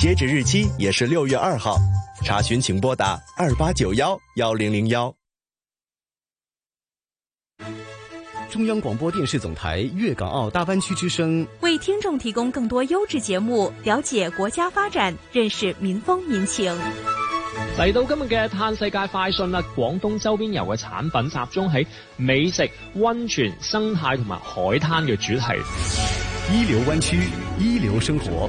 截止日期也是六月二號，查詢請撥打二八九幺幺零零幺。中央廣播電視總台粵港澳大灣區之聲為聽眾提供更多優質節目，了解國家發展，認識民風民情。嚟到今日嘅探世界快訊啦！廣東周邊遊嘅產品集中喺美食、温泉、生態同埋海灘嘅主題，一流灣區，一流生活。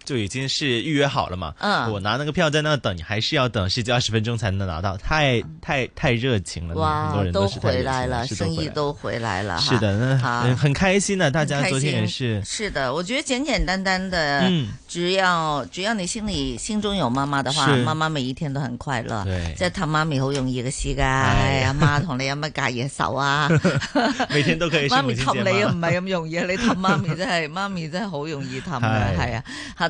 就已經是預約好了嘛，嗯、我拿那個票在那等，還是要等十幾二十分鐘才能拿到，太太太熱情了。哇，很多人都，都，回都回來了，生意都回來了，是的，很、啊嗯、很開心的、啊，大家昨天也是。是的，我覺得簡簡單單的，只要只要你心裏心中有媽媽的話，嗯媽媽的話，媽媽每一天都很快樂。對，即係氹媽咪好容易嘅事噶，哎呀，哎呀 媽同你有乜隔夜仇啊？ 每天都可以氹。 媽咪氹你唔係咁容易啊， 你氹媽咪真係 媽咪真係好容易氹嘅，係 啊、哎，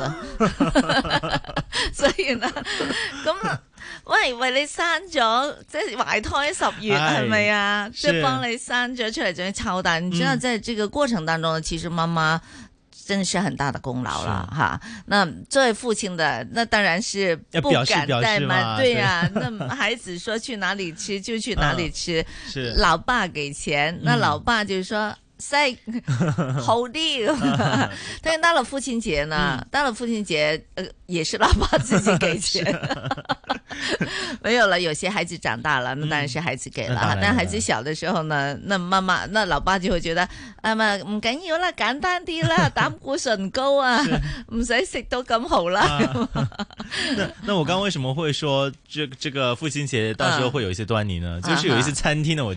所以呢，咁喂喂，為你生咗即係懷胎十月係咪啊？即係幫你生咗出嚟仲要湊大。你知道，在這個過程當中，其實媽媽真的是很大的功勞啦，哈。那作為父親的，那當然是不敢怠慢，對呀、啊啊，那孩子說去哪裏吃就去哪裏吃，嗯、老爸給錢。嗯、那老爸就說。在好啲，但係到了父親節呢？到、嗯、了父親節，呃，也是老爸自己給錢， 是啊、 沒有了。有些孩子長大了，那、嗯、當然是孩子給了、啊。但孩子小的時候呢、啊，那媽媽、那老爸就會覺得，啊，媽唔緊要啦，簡單啲啦，膽固醇高啊，唔使食到咁好啦、啊。 那我剛，剛為什麼會說 這個、這個父親節到時候會有一些端倪呢？啊、就是有一次餐廳呢。啊、我。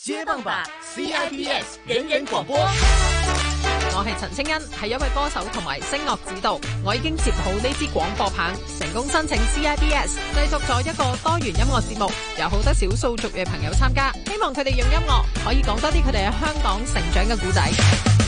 接棒 C I B S 廣播，我係陳清恩，係一位歌手同埋聲樂指導。我已經接好呢支廣播棒，成功申請 C I B S，製作咗一個多元音樂節目，有好多少數族裔朋友參加，希望佢哋用音樂可以講多啲佢哋喺香港成長嘅故仔。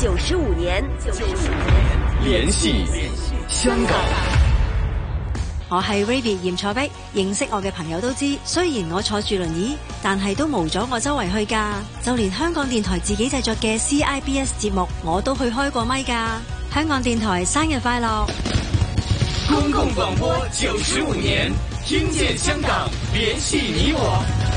九十五年，九十五年，聯繫香港。我係 Raby 嚴楚碧，認識我嘅朋友都知，雖然我坐住輪椅，但係都冇咗我周圍去噶。就連香港電台自己製作嘅 CIBS 節目，我都去開過麥噶。香港電台生日快樂！公共廣播九十五年，聽見香港，聯繫你我。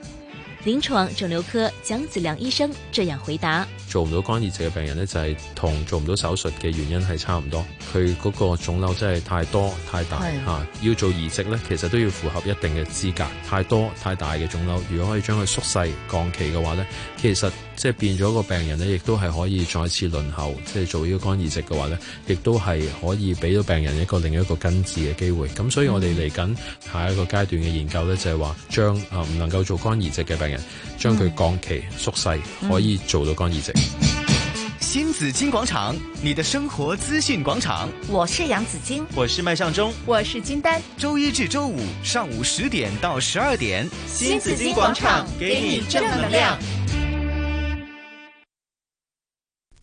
臨床腫瘤科蔣子良醫生這樣回答：做唔到肝移植嘅病人呢，就係、是、同做唔到手術嘅原因係差唔多。佢嗰個腫瘤真係太多太大吓、啊，要做移植呢，其實都要符合一定嘅資格。太多太大嘅腫瘤，如果可以將佢縮細降期嘅話呢。其實即係變咗個病人咧，亦都係可以再次輪候，即、就、係、是、做呢個肝移植嘅話咧，亦都係可以俾到病人一個另一個根治嘅機會。咁所以我哋嚟緊下一個階段嘅研究咧，就係、是、話，將啊唔、呃、能夠做肝移植嘅病人，將佢降期縮細，可以做到肝移植。嗯嗯、新紫荊廣場，你的生活資訊廣場，我是楊紫荊，我是麥尚中，我是金丹。周一至周五上午十點到十二點，新紫荊廣場給你正能量。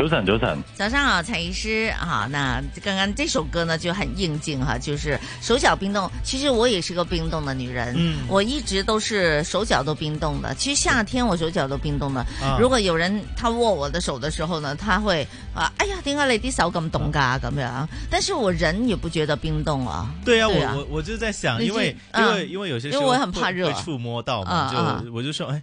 早晨，早晨，早上好，蔡醫師啊。那剛剛這首歌呢就很應景哈，就是手腳冰凍。其實我也是個冰凍的女人，嗯、我一直都是手腳都冰凍的。其實夏天我手腳都冰凍的。嗯、如果有人他握我的手的時候呢，他會啊，啊，哎呀，點解你啲手咁凍噶咁樣？但是我人也不覺得冰凍啊。啊對啊，我我我就在想，因為、嗯、因為因為，因為有些時候會因為我也很怕熱、啊會，會觸摸到嘛，嗯、就、嗯嗯、我就說哎。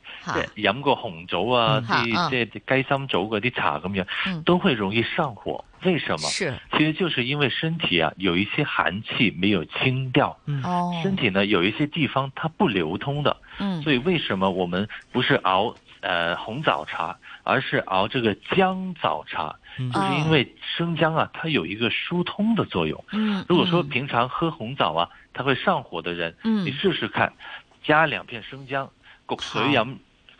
飲過 紅棗啊，這這係雞心棗嗰啲茶咁樣、 嗯，都會容易上火。為什麼？是，其實就是因為身體啊，有一些寒氣沒有清掉，哦、嗯，身體呢、哦、有一些地方它不流通的，嗯，所以為什麼我們不是熬呃紅棗茶，而是熬這個薑棗茶？就是因為生薑啊，它有一個疏通的作用。嗯，如果說平常喝紅棗啊，它會上火的人，嗯，你試試看，嗯、加兩片生薑，葵陽。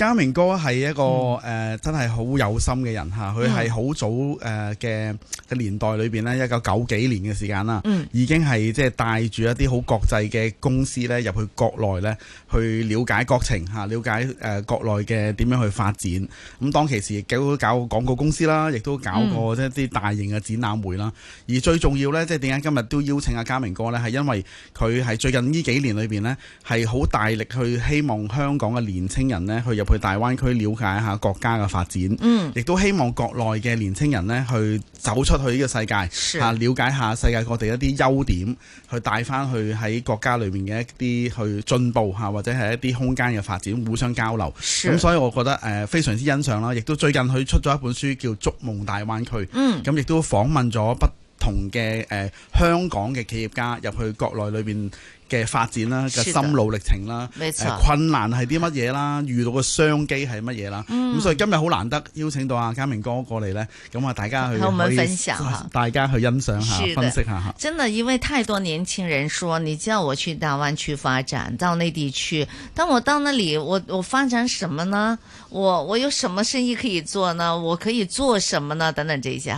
家明哥係一個誒真係好有心嘅人嚇，佢係好早誒嘅嘅年代裏邊咧，一九九幾年嘅時間啦，已經係即係帶住一啲好國際嘅公司咧入去國內咧，去了解國情嚇，了解誒國內嘅點樣去發展。咁當其時，亦都搞廣告公司啦，亦都搞過一啲大型嘅展覽會啦。而最重要咧，即係點解今日都邀請阿家明哥咧，係因為佢係最近呢幾年裏邊咧，係好大力去希望香港嘅年青人咧去入。去大灣區了解一下國家嘅發展，嗯，亦都希望國內嘅年青人呢去走出去呢個世界，嚇了解一下世界各地一啲優點，去帶翻去喺國家裏面嘅一啲去進步嚇，或者係一啲空間嘅發展互相交流。咁所以我覺得誒、呃、非常之欣賞啦，亦都最近佢出咗一本書叫《逐夢大灣區》，嗯，咁亦都訪問咗不同嘅誒、呃、香港嘅企業家入去國內裏邊。嘅發展啦，嘅心路歷程啦、呃，困難係啲乜嘢啦，遇到嘅商機係乜嘢啦，咁、嗯、所以今日好難得邀請到阿家明哥過嚟呢。咁啊大家去分享，大家去欣賞下，分析下。真的，因為太多年輕人說，你叫我去大灣區發展，到那地區，但我到那裡，我我發展什麼呢？我我有什麼生意可以做呢？我可以做什麼呢？等等這些。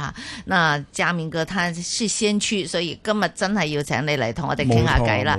那家明哥他是先去，所以今日真係要請你嚟同我哋傾下偈啦。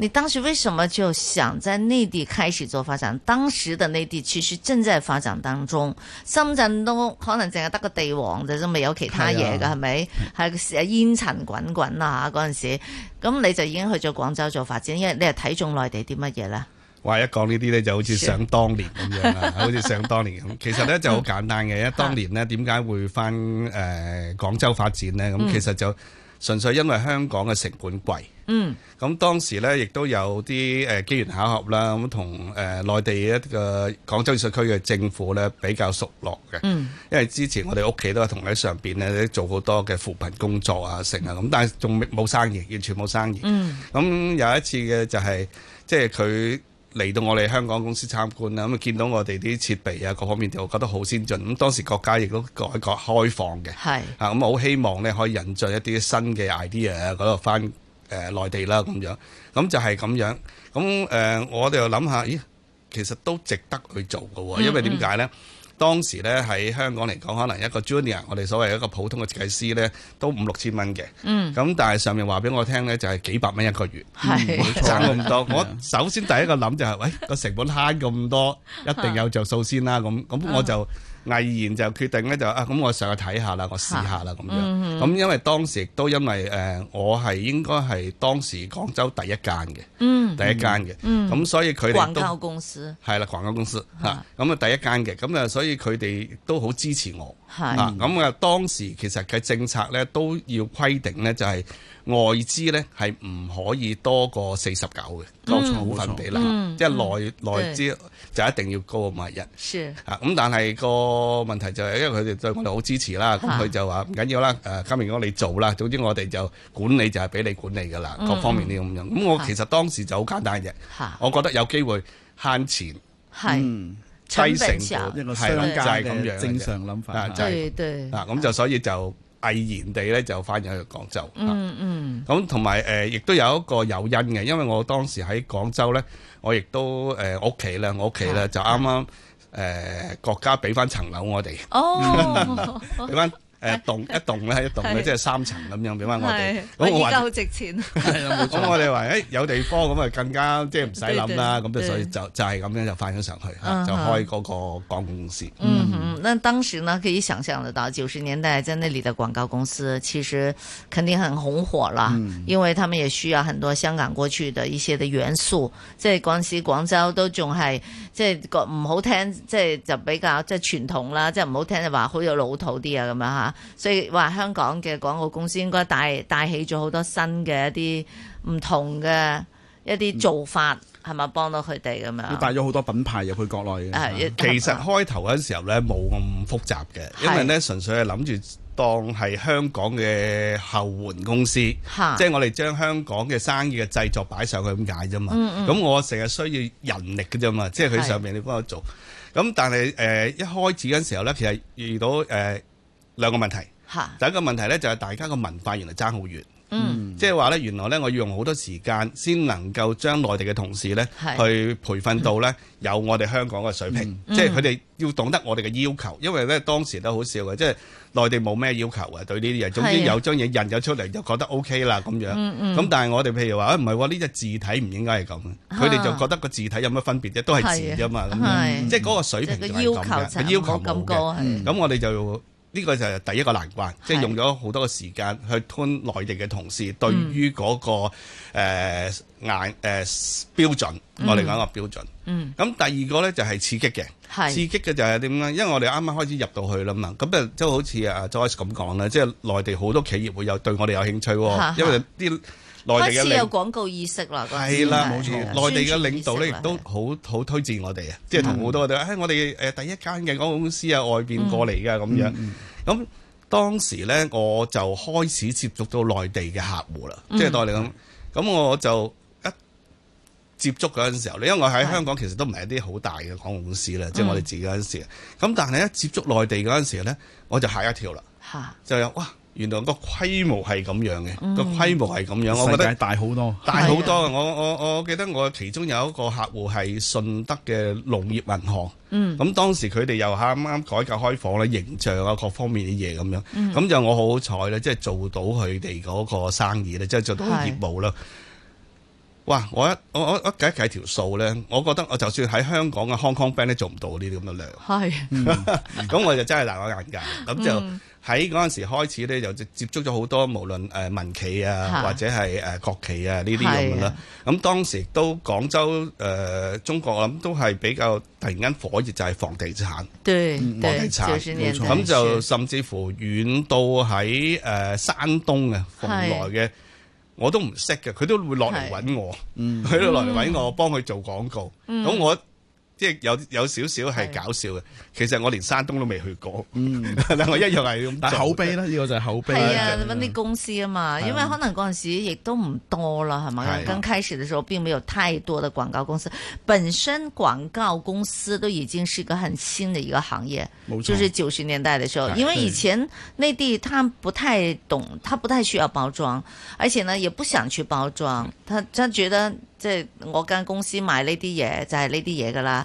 你當時為什麼就想在內地開始做發展？當時的內地其實正在發展當中，深圳都可能淨係得個地王，就都未有其他嘢噶，係咪？係啊，煙塵滾滾啊吓，嗰陣時，咁你就已經去咗廣州做發展，因為你係睇中內地啲乜嘢咧？哇，一講呢啲咧，就好似想當年咁樣啦， 好似想當年咁。其實咧就好簡單嘅，因為當年咧點解會翻誒廣州發展呢咁、嗯、其實就。純粹因為香港嘅成本貴，咁、嗯、當時咧亦都有啲誒機緣巧合啦，咁同誒內地一個廣州越秀區嘅政府咧比較熟絡嘅，嗯、因為之前我哋屋企都係同喺上邊咧做好多嘅扶貧工作啊，成啊咁，但係仲冇生意，完全冇生意。咁、嗯、有一次嘅就係、是、即係佢。嚟到我哋香港公司參觀啦，咁見到我哋啲設備啊，各方面就覺得好先進。咁當時國家亦都改革開放嘅，係啊，咁好希望咧可以引進一啲新嘅 idea 嗰度返誒內地啦咁樣。咁就係咁樣。咁誒，呃，我哋又諗下，咦，其實都值得去做㗎喎。因為點解咧？嗯嗯當時咧喺香港嚟講，可能一個 junior，我哋所謂一個普通嘅設計師咧，都五六千蚊嘅。嗯。咁但係上面話俾我聽咧，就係幾百蚊一個月，唔會差咁多。 我首先第一個諗就係、是，喂、哎、個成本慳咁多，一定有着數先啦。咁咁、嗯、我就。毅然就決定咧，就啊咁，我上去睇下啦，我試下啦咁、啊、樣。咁因為當時都、嗯、因為誒，我係應該係當時廣州第一間嘅、嗯，第一間嘅。咁、嗯、所以佢哋廣告公司係啦，廣告公司嚇咁啊第一間嘅。咁啊所以佢哋都好支持我。係啊，咁、嗯嗯、啊、嗯啊嗯嗯嗯，當時其實嘅政策咧都要規定咧，就係外資咧係唔可以多過四十九嘅，當初股份比例即係內、嗯、內資就一定要高過五一，是、啊。但是咁但係個問題就係，因為佢哋對我哋好支持他說啦，咁佢就話唔緊要啦，誒，今日你做啦，總之我哋就管理就係俾你管理㗎啦，各方面啲咁樣。咁、嗯嗯嗯、我其實當時就好簡單嘅，的我覺得有機會慳錢。係、嗯。西城一個商界咁樣，正常諗法，就係啊咁就所以就毅然地咧就翻咗去廣州。嗯嗯。咁同埋誒亦都有一個有因嘅，因為我當時喺廣州咧，我亦都誒屋企咧，我屋企咧就啱啱誒國家俾翻層樓我哋。哦。 誒棟一棟咧，一棟咧，即係三層咁樣俾翻我哋。咁而家好值錢。冇 錯。咁我哋話誒有地方咁啊，更加即係唔使諗啦。咁所以就就係咁樣就翻咗上去嚇、嗯啊，就開嗰個廣告公司。嗯嗯,嗯，那當時呢可以想象得到九十年代在那裡的廣告公司其實肯定很紅火啦，因為他們也需要很多香港過去的一些的元素。嗯、即係陣時廣州都仲係即係個唔好聽，即係就比較即係傳統啦，即係唔好聽就話好有老土啲啊咁樣嚇。啊、所以話香港嘅廣告公司應該帶帶起咗好多新嘅一啲唔同嘅一啲做法，係咪幫到佢哋咁樣？帶咗好多品牌入去國內、啊。其實開頭嗰陣時候呢冇咁複雜嘅，因為呢純粹係諗住當係香港嘅後援公司，即係、就是、我哋將香港嘅生意嘅製作擺上去咁解啫嘛。咁、嗯嗯、我成日需要人力嘅啫嘛，即係佢上面你幫我做。咁但係誒、呃、一開始嗰陣時候呢，其實遇到誒。呃兩個問題。第一個問題咧，就係大家個文化原來爭好遠。嗯，即係話咧，原來咧，我要用好多時間先能夠將內地嘅同事咧，去培訓到咧有我哋香港嘅水平。嗯嗯、即係佢哋要懂得我哋嘅要求。因為咧當時都好笑嘅，即係內地冇咩要求啊，對呢啲嘢。總之有張嘢印咗出嚟就覺得 OK 啦咁樣。嗯嗯哎哦、樣。咁但係我哋譬如話，唔係喎，呢隻字體唔應該係咁。佢哋就覺得個字體有乜分別啫？都係字啫嘛。係、嗯。即係嗰個水平樣就係、是、嘅。要求就冇咁高。咁、嗯、我哋就。呢個就係第一個難關，即係用咗好多個時間去通內地嘅同事，對於嗰、那個誒硬誒標準，嗯、我嚟講個標準。咁、嗯、第二個咧就係刺激嘅，是刺激嘅就係點樣？因為我哋啱啱開始入到去啦嘛，咁就即係好似阿 Joyce 咁講啦，即、就、係、是、內地好多企業會有對我哋有興趣，哈哈因為啲。開始有廣告意識啦，係啦，冇錯的。內地嘅領導咧亦都好好推薦我哋啊，即係、就是、同好多我哋話、哎：，我哋誒第一間嘅廣告公司喺外邊過嚟嘅咁樣。咁、嗯嗯、當時咧，我就開始接觸到內地嘅客戶啦，即、嗯、係、就是、代理咁。咁、嗯、我就一接觸嗰陣時候咧，因為喺香港其實都唔係一啲好大嘅廣告公司啦，即係、就是、我哋自己嗰陣時。咁、嗯、但係一接觸內地嗰陣時候咧，我就嚇一跳啦，就話：哇！原來個規模係咁樣嘅，個、嗯、規模係咁樣，我覺得大好多，大好多嘅。我我我記得我其中有一個客戶係順德嘅農業銀行，咁、嗯、當時佢哋又啱啱改革開放咧，形象啊各方面啲嘢咁樣，咁、嗯、就我好好彩咧，即係做到佢哋嗰個生意咧，即係做到業務啦。是哇！我一我我一計計條數咧，我覺得我就算喺香港嘅 Hong Kong Bank 都做唔到呢啲咁嘅量。係，咁我就真係大我眼鏡。咁就喺嗰陣時開始咧，就接觸咗好多無論誒民企啊，或者係誒國企啊呢啲咁樣啦。咁當時都廣州誒中國，我諗都係比較突然間火熱，就係房地產。對房地產冇錯。咁就甚至乎遠到喺誒山東啊，蓬萊嘅。我都唔識嘅，佢都會落嚟揾我，佢、嗯、都落嚟揾我幫佢做廣告，嗯，咁我。即係有有少少係搞笑嘅，其實我連山東都未去過。嗯，但 我一樣係咁。但口碑咧，呢、這個就係口碑。係啊，揾、就、啲、是、公司嘛啊嘛，因為可能嗰陣時亦都唔多啦，係嘛？剛開始的時候並沒有太多的廣告公司。啊、本身廣告公司都已經是一個很新的一個行業，冇錯。就是九十年代的時候，因為以前內地他不太懂，他不太需要包裝，而且呢也不想去包裝，他他覺得即係我間公司買呢啲嘢就係呢啲嘢噶啦。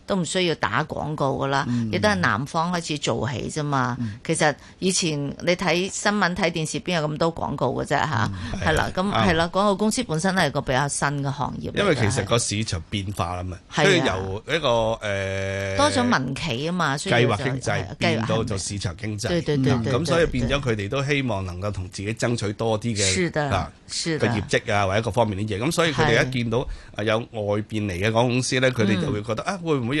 都唔需要打廣告噶啦，亦、嗯、都係南方開始做起啫嘛。其實以前你睇新聞睇電視，邊有咁多廣告嘅啫吓，係、嗯、啦，咁係啦，廣告、啊啊那個、公司本身係個比較新嘅行業。因為其實個市場變化啊嘛，所以由一個誒、呃、多咗民企啊嘛，計劃經濟變到做市場經濟。咁、嗯、所以變咗佢哋都希望能夠同自己爭取多啲嘅嚇，個、啊、業績啊，或者各方面啲嘢。咁所以佢哋一見到啊有外邊嚟嘅廣告公司咧，佢哋就會覺得、嗯、啊，會唔會？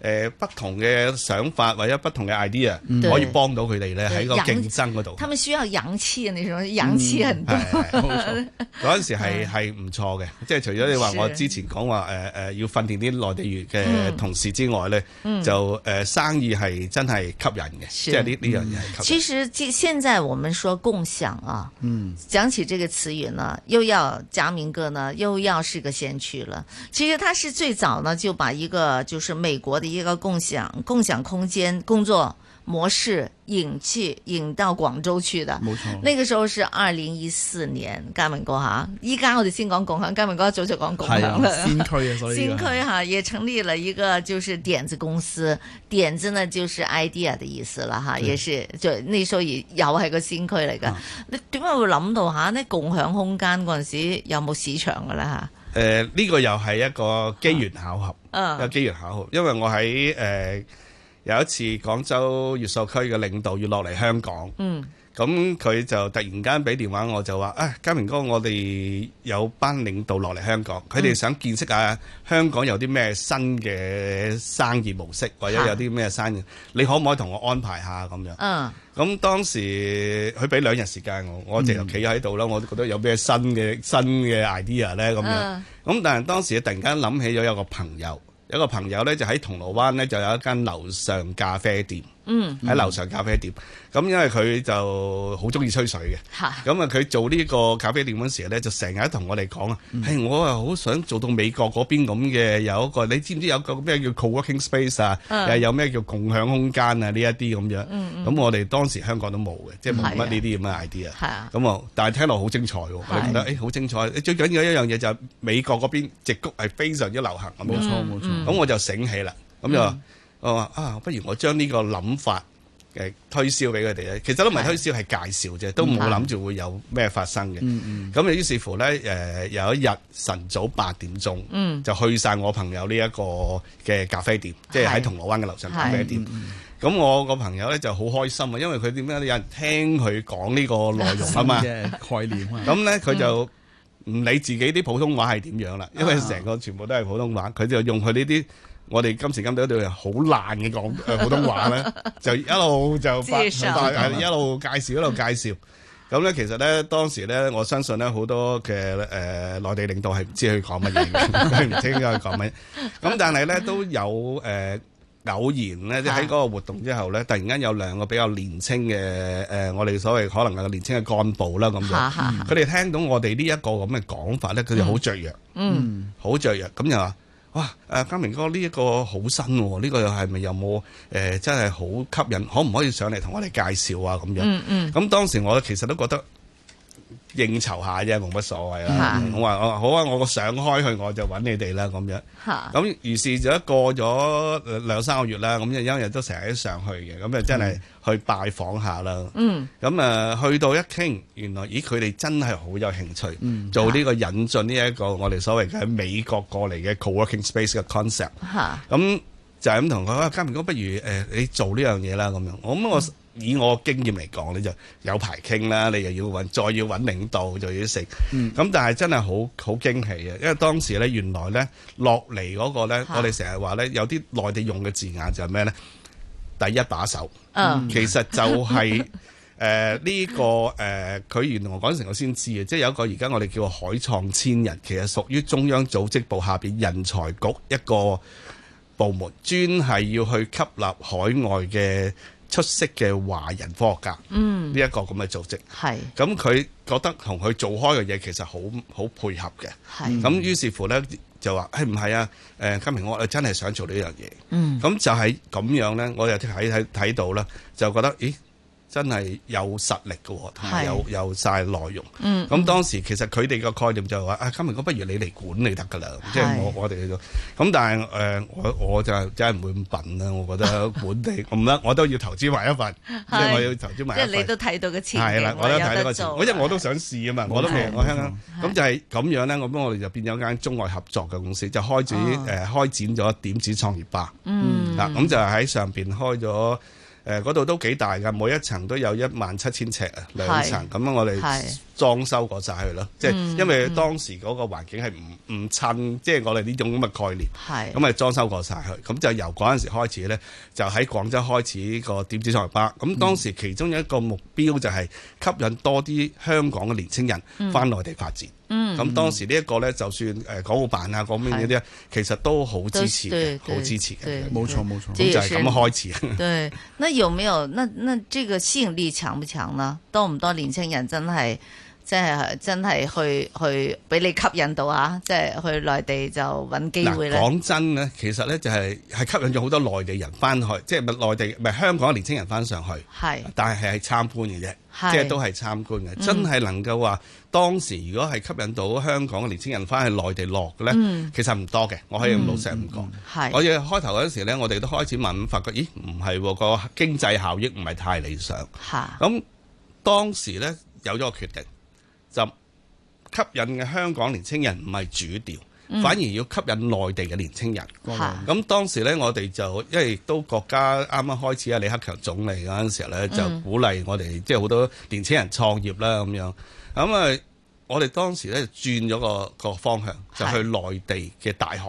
誒、呃、不同嘅想法或者不同嘅 idea、嗯、可以幫到佢哋咧喺個競爭嗰度。他們需要氧氣啊，那種氧氣很多。嗰、嗯、陣 時係係唔錯嘅，即係除咗你話我之前講話誒誒、呃呃、要訓練啲內地員嘅同事之外咧、嗯，就誒、呃嗯、生意係真係吸引嘅，即係呢呢樣嘢係吸引。其實即係現在我們說共享啊，嗯，講起這個詞語呢，又要家明哥呢，又要是個先驅啦，其實他是最早呢就把一個就是美國嘅。一個共享共享空間工作模式引進引到廣州去的，冇錯。那個時候是二零一四年，家明哥吓，依家我哋先講共享，家明哥早就講共享，先驅，所以先驅吓，區也成立了一個就是點子公司，嗯、點子呢就是 idea 的意思啦吓，也是就那時候又係個先驅嚟噶。你點解會諗到吓，呢共享空間嗰陣時有冇市場噶啦吓？誒呢、呃這個又係一個機緣巧合，啊、一個機緣巧合，因為我喺誒、呃、有一次廣州越秀區嘅領導要落嚟香港，咁佢、嗯嗯嗯、就突然間俾電話我就話啊，家、哎、明哥，我哋有班領導落嚟香港，佢哋想見識下香港有啲咩新嘅生意模式，或者有啲咩生意，你可唔可以同我安排下咁樣？嗯咁當時佢俾兩日時間我，我直頭企喺度啦。我都覺得有咩新嘅新嘅 idea 咧咁樣。咁但係當時突然間諗起咗有個朋友，有個朋友咧就喺銅鑼灣咧就有一間樓上咖啡店。嗯，喺樓上咖啡店，咁、嗯、因為佢就好中意吹水嘅，咁啊佢做呢個咖啡店嗰陣時咧，就成日同我哋講啊，我好想做到美國嗰邊咁嘅，有一個你知唔知有個咩叫 co-working space 啊，嗯、又有咩叫共享空間啊呢一啲咁樣，咁、嗯嗯、我哋當時香港都冇嘅、嗯，即係冇乜呢啲咁嘅 idea，咁啊，但係聽落好精彩喎，我覺得誒好精彩，啊啊欸精彩啊、最緊要一樣嘢就係美國嗰邊直谷係非常之流行，咁、嗯嗯、我就醒起啦，咁、嗯、就。我話啊，不如我將呢個諗法誒推銷俾佢哋咧。其實都唔係推銷，係介紹啫，都冇諗住會有咩發生嘅。咁、嗯嗯、於是乎咧，誒、呃、有一日晨早八點鐘就去晒我朋友呢一個嘅咖啡店，是即係喺銅鑼灣嘅樓上咖啡店。咁我個朋友咧就好開心啊，因為佢點樣有人聽佢講呢個內容啊嘛。 概念。咁咧佢就唔理自己啲普通話係點樣啦，因為成個全部都係普通話，佢就用佢呢啲。我哋今時今代一段好爛嘅講誒普通話咧， 就一路就發，一路介紹一路介紹。咁咧 其實咧，當時咧，我相信咧，好多嘅誒內地領導係唔知佢講乜嘢嘅，佢 唔知佢講乜。咁 但係咧都有誒、呃、偶然咧，即喺嗰個活動之後咧，突然間有兩個比較年青嘅誒，我哋所謂可能係年青嘅幹部啦咁樣。佢 哋聽到我哋呢一個咁嘅講法咧，佢哋好雀躍 嗯，嗯，好雀躍，咁又話。哇！誒，家明哥，呢一個好新喎，呢個又係咪有冇誒、呃，真係好吸引？可唔可以上嚟同我哋介紹啊？咁樣，嗯嗯、咁當時我其實都覺得。應酬下啫，冇乜所謂啦。嗯、我話我好啊，我上開去，我就揾你哋啦，咁樣。咁、嗯、於是就一過咗兩三個月啦，咁就一日都成日上去嘅。咁啊，真係去拜訪下啦。咁啊、嗯嗯，去到一傾，原來咦，佢哋真係好有興趣做呢個引進呢、這、一個我哋所謂嘅喺美國過嚟嘅 co-working space 嘅 concept、嗯。咁就係咁同佢話，家明哥，不如誒、欸、你做呢樣嘢啦。咁樣，我咁我。以我經驗嚟講，你就有排傾啦，你又要揾，再要揾領導，就要食。咁、嗯、但係真係好好驚喜啊！因為當時呢，原來呢，落嚟嗰個呢，我哋成日話呢，有啲內地用嘅字眼就係咩呢？第一把手，嗯、其實就係誒呢個誒，佢、呃、原來我講成我先知嘅，即、就、係、是、有一個而家我哋叫做海創千人，其實屬於中央組織部下面人才局一個部門，專係要去吸納海外嘅，出色嘅華人科學家，呢一、嗯、個咁嘅組織，係咁佢覺得同佢做開嘅嘢其實好好配合嘅，咁是於是乎咧就話誒唔係啊，誒家明我真係想做、嗯、樣呢樣嘢，咁就係咁樣咧，我又睇睇睇到啦，就覺得咦。真係有實力嘅喎，有有晒內容。咁、嗯、當時其實佢哋嘅概念就係、是、話：啊，家明哥，不如你嚟管理得㗎啦，即係我我哋咁。但係、呃、我我就真係唔會咁笨啦。我覺得管理，唔 得、嗯，我都要投資埋一份，即係我要投資埋。即係你都睇到個錢。係啦，我都睇到個錢，我因為我都想試啊嘛，我都未我聽。咁就係咁樣咧，咁我哋就變咗間中外合作嘅公司，就開始誒、哦、開展咗點子創業吧。嗯。嗱、嗯，咁、啊、就喺上面開咗。誒嗰度都幾大㗎，每一層都有一萬七千尺啊，兩層咁啊，是我哋裝修過晒佢咯。即係是因為當時嗰個環境係唔唔襯，即係、就是、我哋呢種咁嘅概念。係咁啊，裝修過晒佢，咁就由嗰陣時開始咧，就喺廣州開始個電子創業班。咁當時其中有一個目標就係吸引多啲香港嘅年輕人翻內地發展。是嗯嗯，咁當時呢一個咧，就算誒港澳辦啊、講咩嗰啲啊，是其實都好支持嘅，好支持嘅，冇錯冇錯，就係咁開始。是 對，那有沒有？那那這個吸引力強不強呢？多唔多年輕人真係？即係真係去去俾你吸引到啊！即係去內地就揾機會咧。講真咧，其實咧就係、係、係吸引咗好多內地人翻去，即係咪內地唔係香港嘅年輕人翻上去？係，但係係參觀嘅啫，即係都係參觀嘅。真係能夠話當時如果係吸引到香港嘅年輕人翻去內地落嘅咧，其實唔多嘅。我可以咁老實咁講、嗯。我哋開頭嗰陣時咧，我哋都開始問，發覺咦唔係、個經濟效益唔係太理想。咁、嗯、當時咧有咗個決定。就吸引嘅香港年青人唔係主調，反而要吸引內地嘅年青人。咁、嗯、當時呢，我哋就因為都國家啱啱開始啊，李克強總理嗰陣時候呢，就鼓勵我哋、嗯、即係好多年青人創業啦咁樣。咁啊，我哋當時呢轉咗個個方向，就去內地嘅大學。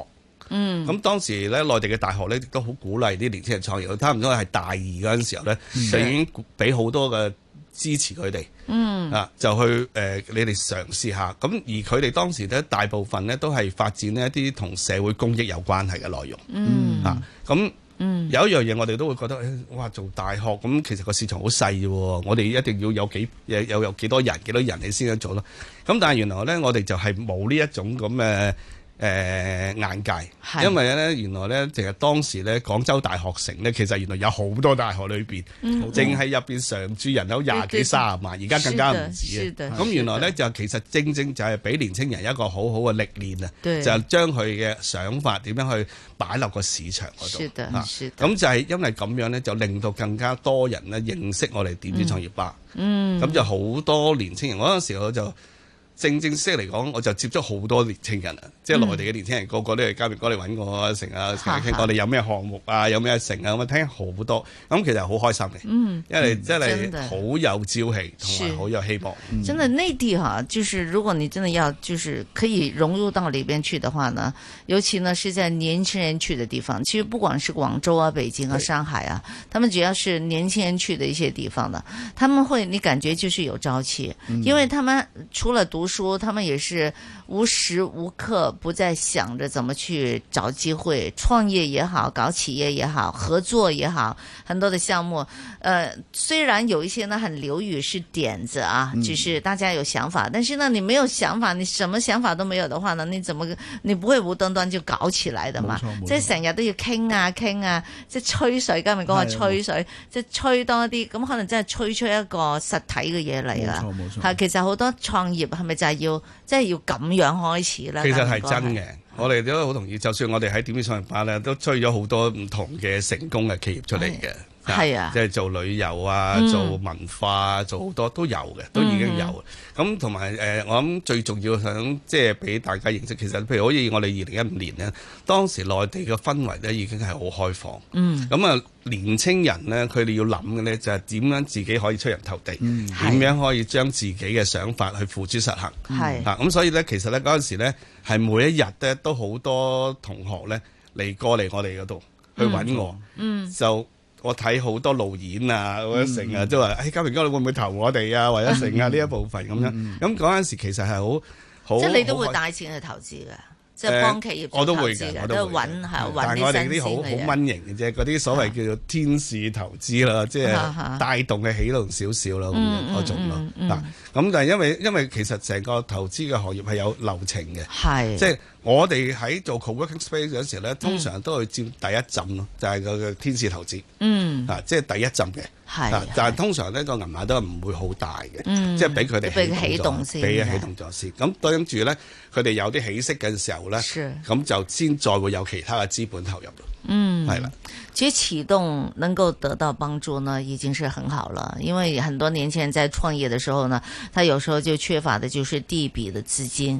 咁、嗯、當時呢，內地嘅大學呢都好鼓勵啲年青人創業。我差唔多係大二嗰陣時候呢，就已經俾好多嘅。支持佢哋、嗯，啊就去誒、呃、你哋嘗試下。咁而佢哋當時咧，大部分咧都係發展呢一啲同社會公益有關係嘅內容，嗯、啊咁、嗯、有一樣嘢我哋都會覺得，哎、哇做大學咁其實個市場好細嘅，我哋一定要有幾有有幾多人幾多人你先得做咯。咁但係原來咧，我哋就係冇呢一種咁嘅。誒眼界，因為咧原來咧，其實當時咧，廣州大學城咧，其實原來有好多大學裏邊，淨係入邊常住人口有廿幾卅萬，而家更加唔止啊！咁原來咧就其實正正就係俾年青人一個好好嘅歷練啊，就將佢嘅想法點樣去擺落個市場嗰度。咁就係因為咁樣咧，就令到更加多人咧認識我哋點子創業吧。嗯，咁就好多年青人，我嗰陣時我就。正正式嚟講，我就接觸好多年青人啊，即係內地嘅年青人，個、嗯、個都係交面過嚟揾我成啊，成日傾我哋有咩項目啊，有咩成啊，咁、嗯、啊聽好多，咁其實好開心嘅、嗯，因為真係好有朝氣同埋好有希望、嗯。真的內地嚇、啊，就是如果你真的要，就是可以融入到裏邊去的話呢，尤其呢是在年輕人去的地方，其實不管是廣州啊、北京啊、上海啊，他們主要是年輕人去的一些地方呢，他們會你感覺就是有朝氣、嗯，因為他們除了讀。說他們也是無時無刻不在想着怎麼去找機會，創業也好，搞企業也好，合作也好，很多的項目。呃，雖然有一些呢很流於是點子啊，只，就是大家有想法、嗯，但是呢，你沒有想法，你什麼想法都沒有的話呢，你怎麼你不會無端端就搞起來的嘛？即係成日都要傾啊傾啊，即係、啊、吹水，今日講話，吹水，即係吹多啲，咁可能真係吹出一個實體嘅嘢嚟啦。吓，其實好多創業就係、是、要，即、就、係、是、要咁樣開始啦。其實係真嘅，我哋都好同意。就算我哋喺點面上邊把咧，都追咗好多唔同嘅成功嘅企業出嚟嘅。係啊，即、就、係、是、做旅遊啊，做文化啊，嗯、做好多都有嘅，都已經有。咁同埋誒，我諗最重要想即係俾大家認識，其實譬如好似我哋二零一五年咧，當時內地嘅氛圍咧已經係好開放。嗯。咁啊，年青人咧，佢哋要諗嘅咧就係點樣自己可以出人頭地，點、嗯、樣可以將自己嘅想法去付諸實行。咁、嗯、所以咧，其實咧嗰陣時咧，係每一日咧都好多同學咧嚟過嚟我哋嗰度去揾我。嗯。嗯就我睇好多路演啊，或者成啊，即係，誒，家明哥，你會唔會投我哋啊？或者成啊，呢一部分咁樣。咁嗰陣時其實係好好，即係你都會帶錢去投資嘅，即係幫企業我都會嘅，我都會。但係我哋啲好好蚊型嘅啫，嗰啲所謂叫做天使投資啦，即係帶動嘅起動少少咯，咁嗰種咯。嗱，咁但係因為因為其實成個投資嘅行業係有流程嘅，即係。我哋喺做 co-working space 嘅時候咧，通常都會佔第一浸，咯、嗯，就係、是、個天使投資，嗯，啊、嗯，即係第一浸嘅，係，但係通常呢個銀碼都唔會好大嘅，即係俾佢哋起起動，起動先，俾起動咗先，咁跟住咧佢哋有啲起色嘅時候咧，咁就先再會有其他嘅資本投入，嗯，係啦，即係起動能夠得到幫助呢，已經是很好了，因為很多年前在創業的時候呢，他有時候就缺乏的就是第一筆的資金。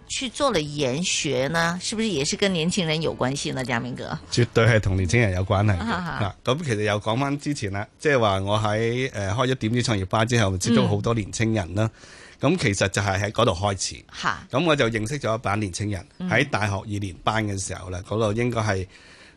去做了研學呢，是不是也是跟年輕人有關係呢？嘉明哥，絕對係同年輕人有關係嗱，咁、啊啊、其實又講翻之前啦，即係話我喺誒開咗點子創業班之後，接觸好多年輕人啦。咁、嗯、其實就係喺嗰度開始，咁、啊、我就認識咗一班年輕人喺大學二年班嘅時候咧，嗰、嗯、度應該係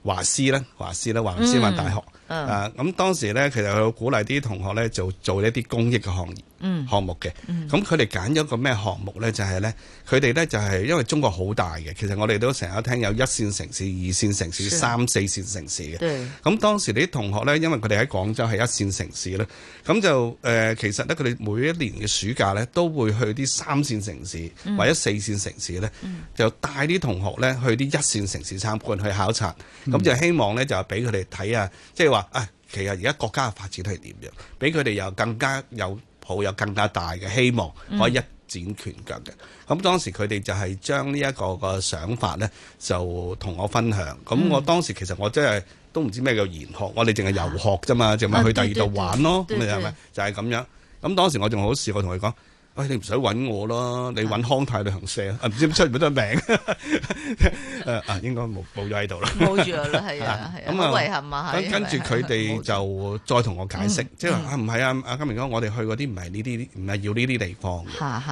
華師啦，華師啦，華南師範大學。嗯啊！咁當時咧，其實佢鼓勵啲同學咧，就做一啲公益嘅行業項目嘅。咁佢哋揀咗個咩項目咧？就係咧，佢哋咧就係因為中國好大嘅，其實我哋都成日聽有一線城市、二線城市、三四線城市嘅。咁當時啲同學咧，因為佢哋喺廣州係一線城市咧，咁就誒，其實咧佢哋每一年嘅暑假咧，都會去啲三線城市或者四線城市咧，就帶啲同學咧去啲一線城市參觀去考察。咁就希望咧就俾佢哋睇啊，即係話。啊、哎！其實而家國家嘅發展係點樣？俾佢哋又更加有抱，有更加大嘅希望，可以一展拳腳嘅。咁、嗯、當時佢哋就係將呢一個個想法咧，就同我分享。咁、嗯、我當時其實我真係都唔知咩叫研學，我哋淨係遊學啫嘛，淨係、啊、去第二度玩咯。咁係咪就係咁樣？咁當時我仲好試過同佢講。喂、哎，你唔使揾我啦，你揾康泰旅行社啊，唔、啊、知道出唔出名？ 啊，應該冇冇咗喺度啦，冇咗啦，係 啊，係啊，咁咪遺憾嘛，啊，啊，啊，跟住佢哋就再同我解釋，即係話啊，唔、就、係、係、啊，阿、啊、家明哥，我哋去嗰啲唔係呢啲，唔係要呢啲地方。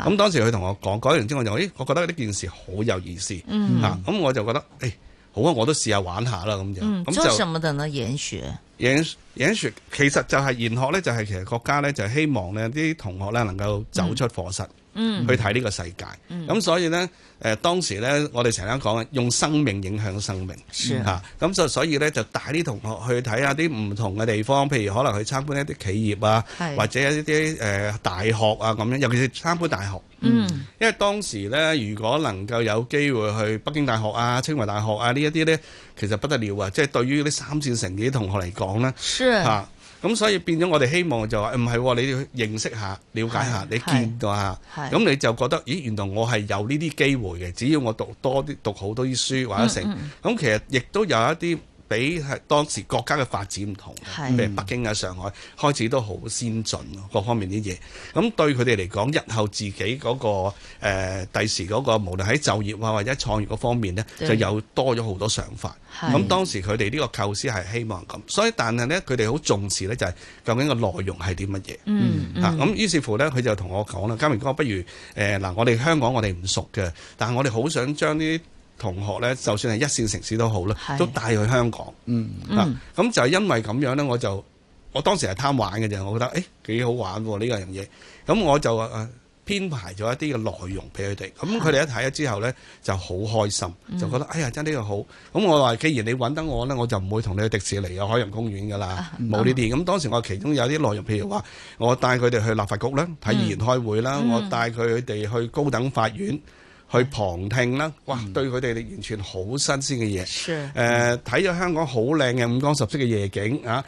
咁當時佢同我講，講完之後我就，我覺得呢件事好有意思。嗱，咁我就覺得，誒，好啊，我都試下玩下啦，咁、嗯嗯嗯、就。做什麼的呢？演説。影影樹其實就係研學咧，就係其實國家咧就希望咧啲同學咧能夠走出課室，嗯，去睇呢個世界。咁，嗯，所以咧。誒當時咧，我哋成日講嘅，用生命影響生命嚇，咁就的、啊、所以咧，就帶啲同學去睇下啲唔同嘅地方，譬如可能去參觀一啲企業啊，的或者一啲啲、呃、大學啊咁樣，尤其是參觀大學。嗯，因為當時咧，如果能夠有機會去北京大學啊、清華大學啊呢一啲咧，其實不得了啊！即、就、係、是、對於啲三線城嘅同學嚟講咧嚇。的咁所以變咗，我哋希望就話，唔、哎、係、哦，你要認識下、了解下，是你見到下，咁你就覺得，咦，原來我係有呢啲機會嘅。只要我讀多啲、讀好多啲書或者成，咁、嗯嗯、其實亦都有一啲。比係當時國家嘅發展唔同，譬如北京啊、上海開始都好先進，各方面啲嘢。咁對佢哋嚟講，日後自己嗰個誒第時嗰個，無論喺就業啊或者創業嗰方面咧，就有多咗好多想法。咁當時佢哋呢個構思係希望咁，所以但係咧，佢哋好重視咧，就係究竟個內容係啲乜嘢。嗯嗯。咁於是乎咧，佢就同我講咧，嘉明哥，不如誒嗱、呃，我哋香港我哋唔熟嘅，但係我哋好想將啲。同學呢就算係一線城市都好啦，都帶去香港。嗯，嗱、啊，咁就係因為咁樣呢，我就我當時係貪玩嘅啫。我覺得誒、欸、幾好玩喎呢樣嘢。咁、這個、我就誒、啊、編排咗一啲嘅內容俾佢哋。咁佢哋一睇咗之後呢，就好開心，就覺得哎呀真係呢個好。咁我話既然你揾得我呢，我就唔會同你去迪士尼啊、海洋公園㗎啦，冇呢啲。咁當時我其中有啲內容，譬如話我帶佢哋去立法局啦，睇議員開會啦、嗯，我帶佢哋去高等法院。去旁聽啦，哇！嗯、對佢哋嚟完全好新鮮嘅嘢。睇咗、呃、香港好靚嘅五光十色嘅夜景啊、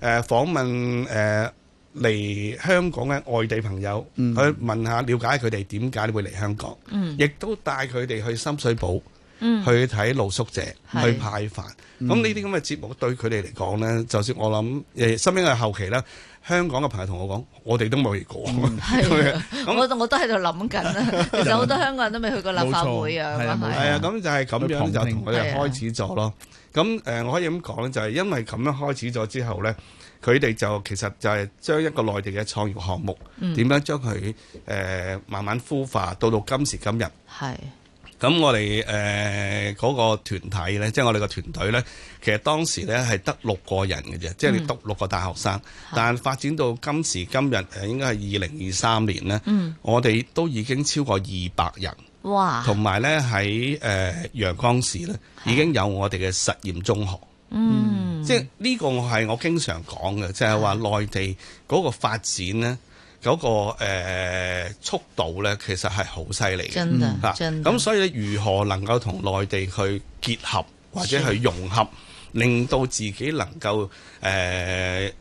呃、訪問誒嚟、呃、香港嘅外地朋友，嗯、去問下了解佢哋點解會嚟香港，亦、嗯、都帶佢哋去深水埗，嗯、去睇露宿者，去派飯。咁呢啲咁嘅節目對佢哋嚟講咧，就算我諗誒，身邊嘅後期咧。香港嘅朋友同我講，我哋都冇嘢講。係啊，我我都喺度諗緊啦。其實好多香港人都未去過立法會啊，咁啊咁、啊嗯、就係咁樣就同佢哋開始咗咯。咁誒、啊，我可以咁講咧，就係因為咁樣開始咗之後咧，佢哋就其實就係將一個內地嘅創業項目點樣將佢誒慢慢孵化，到到今時今日。係、嗯。咁我哋誒嗰個團體呢，即係我哋個團隊呢，其實當時呢係得六個人嘅啫，即係你讀六個大學生、嗯。但發展到今時今日，誒應該係二零二三年呢、嗯，我哋都已經超過二百人。哇！同埋呢，喺誒陽江市呢，已經有我哋嘅實驗中學。嗯，即係呢個係係我經常講嘅，即係話內地嗰個發展呢。嗰、那個、呃、速度咧，其實係好犀利嘅，嚇，咁、嗯、所以咧，如何能夠同內地去結合或者去融合，令到自己能夠誒、呃、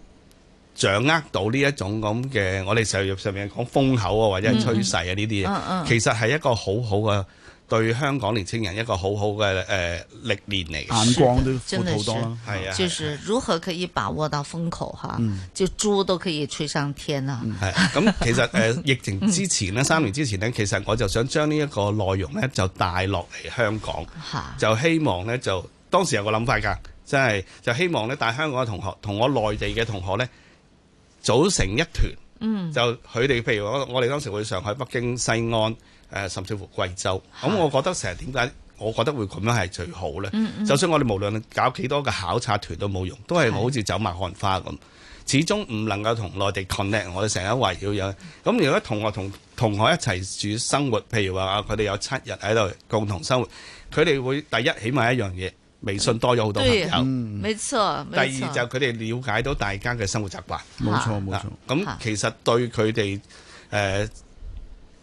掌握到呢一種咁嘅，我哋社會上面講風口啊，或者係趨勢啊呢啲嘢，其實係一個好好嘅。對香港年青人一個好好嘅誒歷練嚟，眼光都好好多，係啊。就是如何可以把握到風口吓，嗯，就豬都可以吹上天啊！係、嗯、咁、嗯嗯嗯，其實誒、呃，疫情之前呢、嗯、三年之前呢，其實我就想將呢一個內容呢就帶落嚟香港、嗯，就希望呢，就當時有個諗法噶，真、就、係、是、就希望呢帶香港嘅同學同我內地嘅同學呢組成一團。嗯，就佢哋譬如我哋當時會上海、北京、西安，呃、甚至乎貴州，咁我覺得成日點解我覺得會咁樣係最好咧、嗯嗯？就算我哋無論搞幾多嘅考察團都冇用，都係好似走馬看花咁，始終唔能夠同內地 connect 我。我哋成日圍繞有咁，如果同學同同學一齊住生活，譬如話佢哋有七日喺度共同生活，佢哋會第一起碼一樣嘢。微信多咗好多朋友，嗯，沒錯。第二就佢哋了解到大家嘅生活習慣，冇錯，啊、冇錯。咁其實對佢哋誒。啊啊呃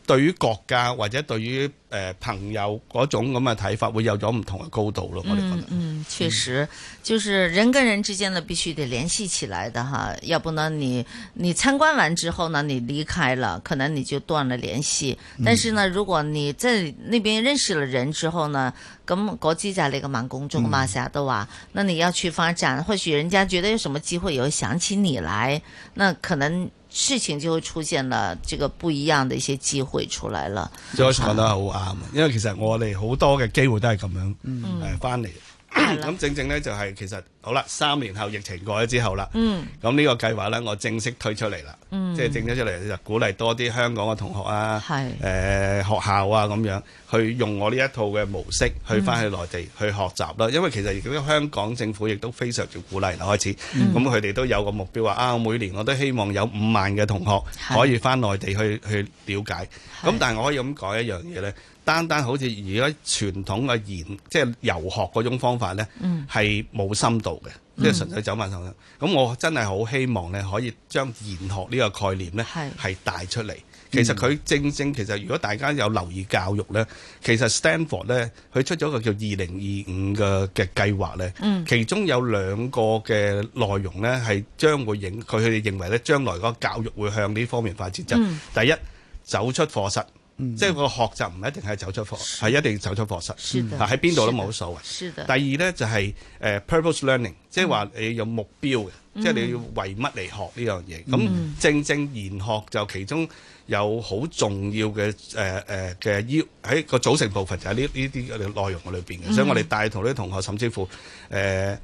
對於國家或者對於、呃、朋友嗰種咁嘅睇法，會有咗唔同嘅高度咯。我哋覺得嗯，嗯，確實、嗯，就是人跟人之間呢，必須得聯繫起來的哈。要不呢，你你參觀完之後呢，你離開了，可能你就斷了聯繫、嗯。但是呢，如果你在那邊認識了人之後呢，咁國際在呢個盲工中嘛，下都話，那你要去發展，或許人家覺得有什麼機會，又想起你來，那可能。事情就會出現了，這個不一樣的一些機會出來了。就我覺得好啱，因為其實我哋好多嘅機會都係咁樣誒，mm-hmm. 翻嚟，呃。咁正正咧，就係其實好啦，三年後疫情過咗之後啦，咁呢個計劃咧我正式推出嚟啦，即係整咗出嚟就鼓勵多啲香港嘅同學啊，誒學校啊，咁樣去用我呢一套嘅模式去翻去內地去學習啦，因為其實而家香港政府亦都非常之鼓勵開始，咁佢哋都有個目標話啊，每年我都希望有五萬嘅同學可以翻內地去去了解，咁但係我可以咁講一樣嘢咧，單單好似而家傳統嘅研，即係遊學嗰種方法咧，係、嗯、冇深度嘅，即係純粹走馬看花。咁我真係好希望咧，可以將研學呢個概念咧，係帶出嚟、嗯。其實佢正正其實，如果大家有留意教育咧，其實 Stanford 咧，佢出咗一個叫二零二五嘅嘅計劃咧，其中有兩個嘅內容咧，係將會影佢佢哋認為咧，將來個教育會向呢方面發展就、嗯、第一走出課室。嗯、即係個學就唔一定係走出課，係一定走出課室。係喺邊度都冇所謂。第二咧就係、是、誒、uh, purpose learning，即係話你有目標嘅、嗯，即係你要為乜嚟學呢、嗯、樣嘢。咁正正研學就其中有好重要嘅誒嘅要喺個組成部分就喺呢呢啲內容裏邊嘅。所以我哋帶同啲同學、嗯，甚至乎誒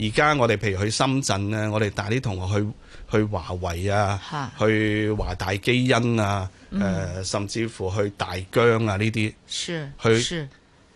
而家我哋譬如去深圳咧，我哋帶啲同學去。去華為啊，去華大基因啊，誒、嗯呃，甚至乎去大疆啊呢啲，去是，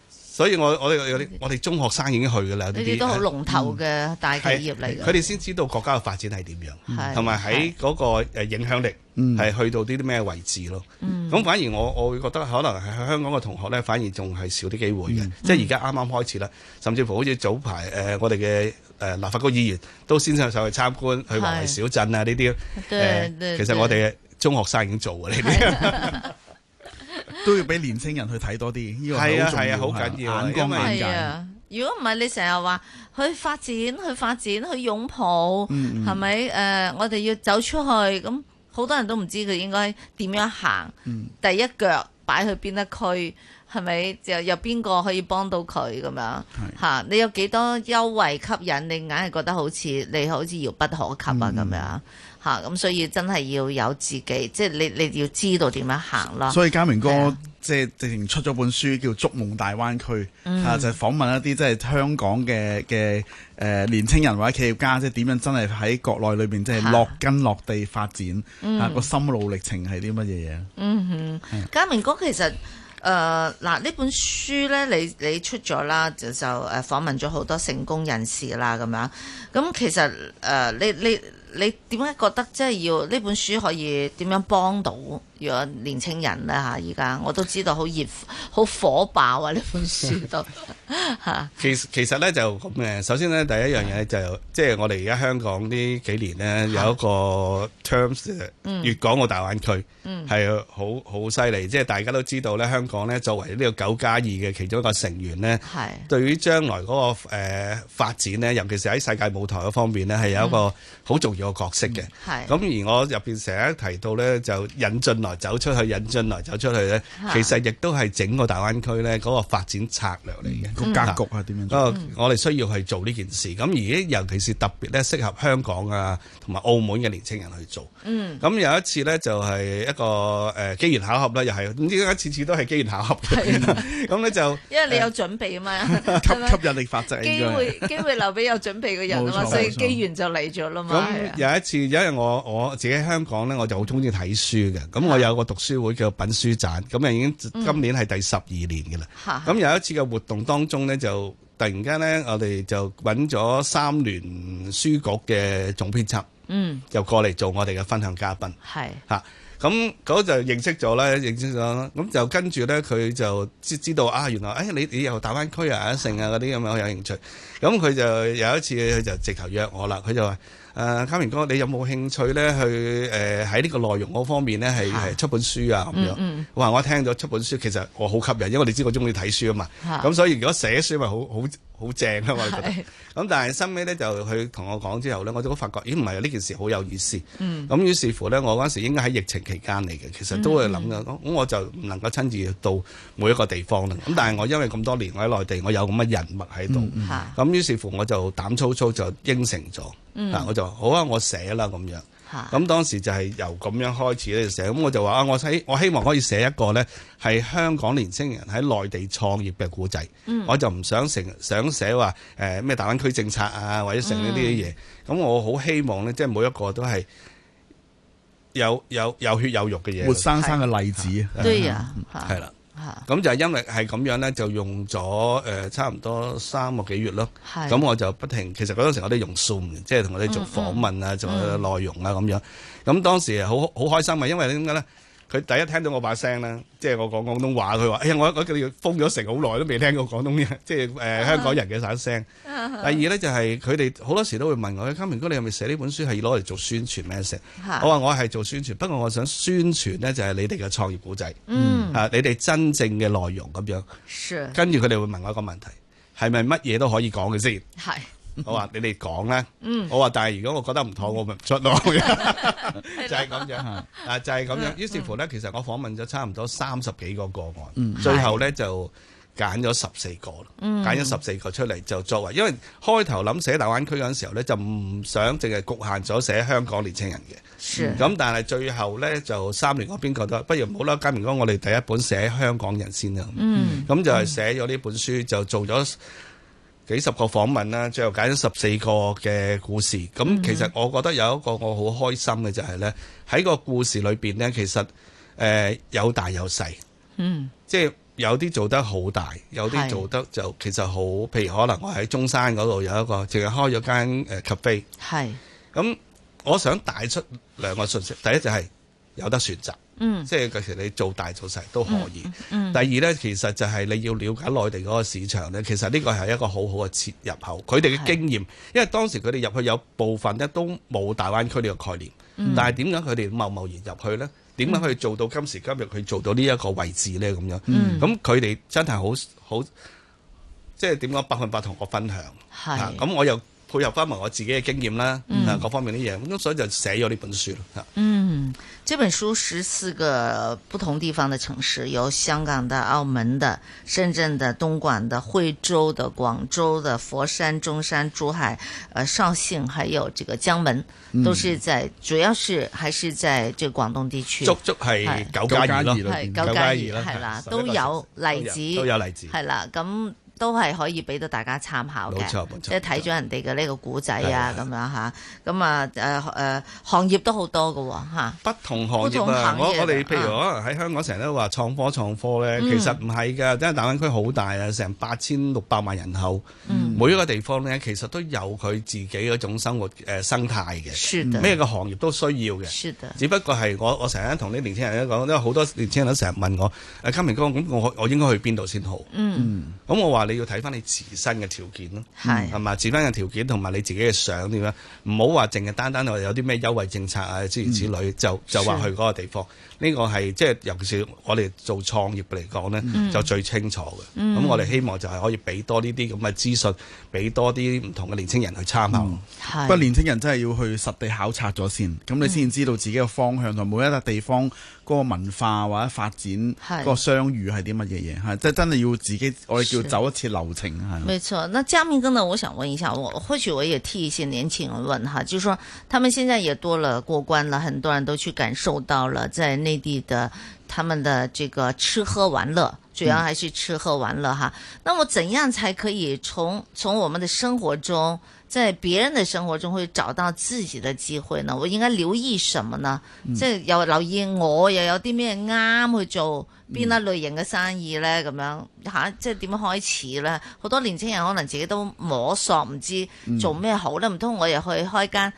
所以我我哋啲我哋中學生已經去㗎喇，呢啲都好龍頭嘅大企業嚟嘅，佢哋先知道國家嘅發展係點樣，同埋喺嗰個影響力係去到啲啲咩位置咯。咁反而我我會覺得可能係香港嘅同學咧，反而仲係少啲機會嘅、嗯，即係而家啱啱開始啦，甚至乎好似早排誒、呃、我哋嘅。誒、呃，立法局議員都先上上去參觀，去華為小鎮啊，呢啲誒，其實我哋中學生已經做了啊，呢啲 都要俾年青人去睇多啲，呢、呢個係啊係啊，好緊、啊、要啊，眼光啊，係啊。如果唔係，你成日話去發展，去發展，去擁抱，係、嗯、咪、嗯？誒、呃，我哋要走出去，咁好多人都唔知佢應該點樣行。嗯、第一腳擺去邊一區？係咪就有邊個可以幫到佢咁樣？吓是、啊，你有幾多優惠吸引你？硬係覺得好似你好似遙不可及啊咁樣吓，咁、嗯啊啊、所以真係要有自己，即係你你要知道點樣行啦。嗯、所以家明哥、啊、即係直情出咗本書叫《築夢大灣區》，吓、啊、就訪、是、問一啲即係香港嘅嘅誒年青人或者企業家，即係點樣真係喺國內裏邊即係落根落地發展吓、嗯啊那個心路歷程係啲乜嘢嘢？嗯哼，家、啊、明哥其實。誒、呃，嗱呢本書咧，你你出咗啦，就就誒訪問咗好多成功人士啦，咁樣，咁其實誒、呃，你你你點解覺得即係、就是、要呢本書可以點樣幫到？如果年青人，啦，吓，而家我都知道好熱，好火爆啊！呢 本書都吓，其 其實咧就咁，誒首先，咧第一樣嘢，就是、是即係我哋而家香港呢幾年咧有一個 terms，嗯、粵港澳大灣區係好好犀利。即係大家都知道咧，香港咧作為呢個九加二嘅其中一個成員咧，係對於將來、嗰個誒、呃、發展咧，尤其是喺世界舞台方面咧，係有一個好重要嘅角色嘅。係、嗯、咁而我入邊成日提到咧，就引進。走來走出去，引進來走出去咧，其實亦都係整個大灣區咧嗰個發展策略嚟嘅個格局係點樣？哦、嗯嗯，我哋需要去做呢件事，咁、嗯、而尤其是特別咧適合香港啊同埋澳門嘅年青人去做。咁、嗯、有一次呢，就係一個誒機緣巧合啦，又係唔知點解次次都係機緣巧合咁呢， 就因為你有準備啊嘛，吸吸引力法則。機 會機會留俾有準備嘅人啊，所以機緣就嚟咗啦嘛。有一次，因為我我自己喺香港呢，我就好中意睇書嘅，咁有個讀書會叫品書展，咁啊已經今年係第十二年嘅啦。咁、嗯、有一次嘅活動當中咧，就突然間咧，我哋就揾咗三聯書局嘅總編輯，嗯，又過嚟做我哋嘅分享嘉賓，係吓。咁嗰就認識咗啦。認識咗，咁就跟住咧，佢就知知道啊，原來誒、哎，你你又大灣區啊、城啊嗰啲咁啊，我有興趣。咁佢就有一次，佢就直頭約我啦，佢就話。誒，家明、uh, 哥，你有冇興趣咧？去、呃、誒，喺呢個內容方面咧，係、啊、出本書啊咁樣。哇，嗯嗯、我聽咗出本書，其實我好吸引，因為你知我中意睇書啊嘛。咁、啊、所以如果寫書咪好好。好正呀！我覺得。咁，但係後尾咧就佢同我講之後咧，我就會發覺咦，唔係呢件事好有意思。咁、嗯、於是乎咧，我嗰陣時應該喺疫情期間嚟嘅，其實都會諗嘅。咁、嗯、我就唔能夠親自到每一個地方啦。咁、嗯、但係我因為咁多年我喺內地，我有咁嘅人物喺度。咁、嗯、於是乎我就膽粗粗就應承咗。嗱、嗯，我就話好啊，我寫啦咁樣。咁當時就係由咁樣開始咧寫，咁我就話啊，我希我希望可以寫一個咧係香港年輕人喺內地創業嘅古仔，我就唔想成想寫話誒咩大灣區政策啊，或者成呢啲嘢。咁、嗯、我好希望咧，即係每一個都係有有有血有肉嘅嘢，活生生嘅例子。對啊，係啦、啊。咁就係因為係咁樣咧，就用咗誒差唔多三個幾月咯。咁係我就不停，其實嗰陣時我哋用 Zoom 即係同我哋做訪問啊，嗯、做內容啊咁樣。咁當時好好開心啊，因為點解咧？佢第一聽到我把聲咧，即係我講廣東話，佢話：哎呀，我我叫封咗城好耐，都未聽過廣東人，即係誒香港人嘅嗰把聲。第二咧就係佢哋好多時都會問我：家明哥，你係咪寫呢本書係攞嚟做宣傳咩先？我話我係做宣傳，不過我想宣傳咧就係你哋嘅創業古仔，嚇你哋真正嘅內容咁樣。跟住佢哋會問我一個問題：係咪乜嘢都可以講嘅先？我話你哋講啦，我話但係如果我覺得唔妥，我咪唔出咯，就係咁樣，嗱就係咁樣。於是乎咧，其實我訪問咗差唔多三十幾個個案，最後咧就揀咗十四個，揀咗十四個出嚟，就作為，因為開頭諗寫大灣區嗰陣時候咧，就唔想淨係局限咗寫香港年輕人嘅，咁但係最後咧就三聯嗰邊覺得，不如唔好啦，家明哥，我哋第一本寫香港人先啦，咁就係寫咗呢本書就做咗。幾十個訪問啦，最後揀咗十四個嘅故事。咁其實我覺得有一個我好開心嘅就係、是、呢：喺、mm、-hmm. 個故事裏面呢，其實誒有大有細，嗯、mm -hmm.，即係有啲做得好大，有啲做得就其實好。譬如可能我喺中山嗰度有一個，淨係開咗間誒咖啡。係，咁我想帶出兩個信息，第一就係有得選擇。嗯，即係其實你做大做細都可以。嗯，嗯第二呢，其實就係你要了解內地嗰個市場呢其實呢個係一個好好嘅切入口。佢哋嘅經驗，是因為當時佢哋入去有部分咧都冇大灣區呢個概念。嗯、但係點解佢哋貿貿然入去呢？點解可以做到今時今日佢做到呢一個位置呢？咁樣，咁佢哋真係好好，即係點講？百分百同我分享。係是，咁我又。配合翻埋我自己嘅經驗啦，啊、嗯、各方面啲嘢咁，所以就寫咗呢本書啦。嗯，這本書十四個不同地方嘅城市，有香港的、澳門的、深圳的、東莞的、惠州的、廣州的、佛山、中山、珠海、呃、肇慶，還有這個江門，都是在，主要是還是在這廣東地區。嗯、足足係九加二。咯，係九、嗯、加二，係啦，都有例子，都有例子，係啦，咁。都係可以俾到大家參考嘅，冇錯，冇錯，即係睇咗人哋嘅呢個古仔啊咁樣吓，咁啊，啊，啊行業都好多㗎喎。不同行業啊，我哋譬如可能喺香港成日都話創科創科咧、嗯，其實唔係㗎。因為大灣區好大啊，成八千六百萬人口、嗯，每一個地方咧其實都有佢自己嗰種生活誒生態嘅，咩、嗯、嘅行業都需要嘅、嗯。只不過係我我成日同啲年輕人講講，因為好多年輕人都成日問我誒家明哥，咁我我應該去邊度先好？嗯，咁我話你要睇翻你自身嘅條件咯，係同埋自身嘅條件同埋你自己嘅想點樣，唔好話淨係單單哋有啲咩優惠政策啊諸如此類，嗯、就就話去嗰個地方。呢，這個係即係尤其是我哋做創業嚟講呢，就最清楚嘅。咁、嗯、我哋希望就係可以俾多呢啲咁嘅資訊，俾多啲唔同嘅年輕人去參考。嗯、不過年輕人真係要去實地考察咗先，咁你先知道自己嘅方向同、嗯、每一個地方嗰個文化或者發展個相遇係啲乜嘢嘢，即係真係要自己，我哋叫走一次流程係。冇錯，那家明哥呢？我想問一下，我或許我也替一些年輕人問下，就係、是、說，他們現在也多了過關了，很多人都去感受到了，在。內地的他們的這個吃喝玩樂，主要還是吃喝玩樂、嗯、哈。那麼怎樣才可以從從我們的生活中，在別人的生活中，會找到自己的機會呢？我應該留意什麼呢？即係又留意我又有啲咩啱去做邊一類型嘅生意咧？咁樣吓，即係點樣開始咧？好多年輕人可能自己都摸索，唔知做咩好咧。唔、嗯、通我又去開間